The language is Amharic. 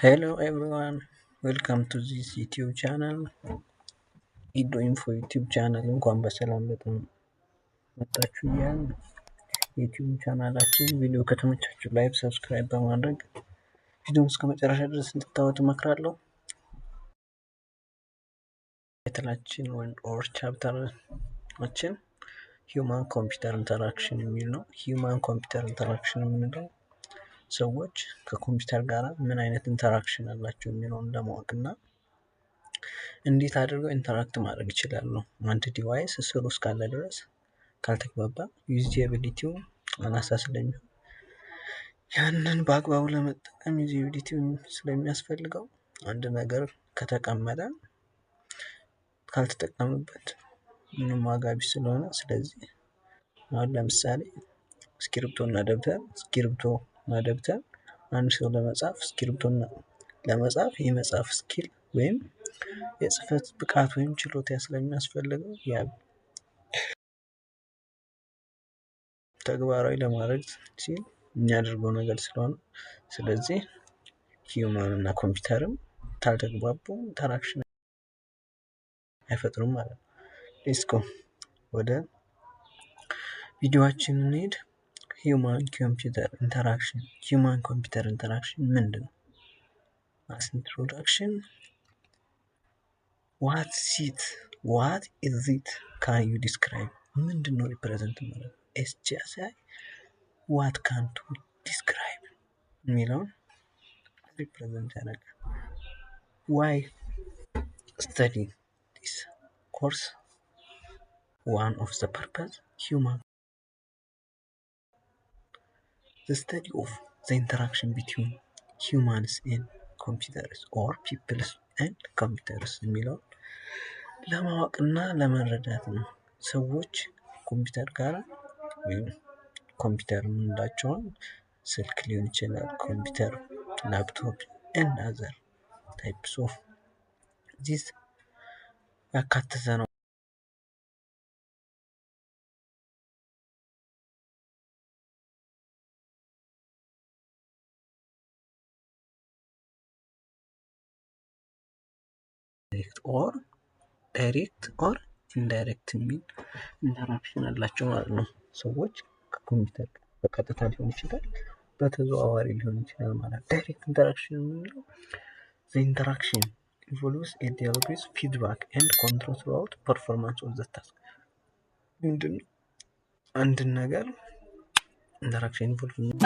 hello everyone welcome to this youtube channel ኢዶ ኢንፎ ዩቲዩብ ቻናል እንኳን በሰላም በጣም መጣችሁ እያል ዩቲዩብ ቻናላችን ቪዲዮ ከተመቻችሁ ላይክ ሰብስክራይብ በማድረግ ቪዲዮን እስከ መጨረሻ ድረስ እንድታወት እመክራለሁ። ታይትላችን ወይም ኦር ቻፕተራችን ሂውማን ኮምፒውተር ኢንተራክሽን የሚል ነው። ሂውማን ኮምፒውተር ኢንተራክሽን የምንለው ሰዎች ከኮምፒውተር ጋር ምን አይነት ኢንተራክሽን አላቸው የሚለውን ለማወቅ እና እንዴት አድርገው ኢንተራክት ማድረግ ይችላሉ። አንድ ዲቫይስ ስሩ እስካለ ድረስ ካልተግባባ ዩዚቢሊቲው አናሳ ስለሚሆን ያንን በአግባቡ ለመጠቀም ዩዚቢሊቲው ስለሚያስፈልገው አንድ ነገር ከተቀመጠ ካልተጠቀምበት ምንም ዋጋ ቢስ ስለሆነ ስለዚህ አሁን ለምሳሌ እስክሪብቶ እና ደብተር እስክሪብቶ እና ደብተር አንድ ሰው ለመጻፍ እስክሪብቶና ለመጻፍ የመጻፍ ስኪል ወይም የጽህፈት ብቃት ወይም ችሎታ ስለሚያስፈልገው ያ ተግባራዊ ለማድረግ ሲል የሚያደርገው ነገር ስለሆነ ስለዚህ ሂዩማን እና ኮምፒውተርም ታልተግባቡ ኢንተራክሽን አይፈጥሩም ማለት ነው። ሌትስ ጎ ወደ ቪዲዮችን እንሄድ። ሂውማን ኮምፒውተር ኢንተራክሽን ሂውማን ኮምፒውተር ኢንተራክሽን ምንድን ነው? አስ ኢንትሮዳክሽን ዋት ሲት ዋት ኢዝ ኢት ካን ዩ ዲስክራይብ ምንድን ነው ሪፕሬዘንት ማለት ነው። ኤስጂአስአይ ዋት ካንቱ ዲስክራይብ የሚለውን ሪፕሬዘንት ያደርጋል። ዋይ ስተዲ ዲስ ኮርስ ዋን ኦፍ ዘ ፐርፐዝ ሂውማን The study of the interaction between humans and computers or people and computers የሚለውን ለማወቅና ለመረዳት ነው። ሰዎች ኮምፒውተር ጋር ወይም ኮምፒውተር የምንላቸውን ስልክ ሊሆን ይችላል፣ ኮምፒውተር፣ ላፕቶፕ እና አዘር ታይፕስ ኦፍ ዚስ ያካተተ ነው። ኦር ዳይሬክት ኦር ኢንዳይሬክት የሚል ኢንተራክሽን አላቸው ማለት ነው። ሰዎች ከኮምፒውተር በቀጥታ ሊሆን ይችላል፣ በተዘዋዋሪ ሊሆን ይችላል ማለት ነው። ዳይሬክት ኢንተራክሽን የምንለው ዘ ኢንተራክሽን ኢንቮልቭስ ኤ ዲያሎግ ዊዝ ፊድባክ ኤንድ ኮንትሮል ትሩአውት ፐርፎርማንስ ኦፍ ዘ ታስክ። ምንድን ነው አንድን ነገር ኢንተራክሽን ኢንቮልቭ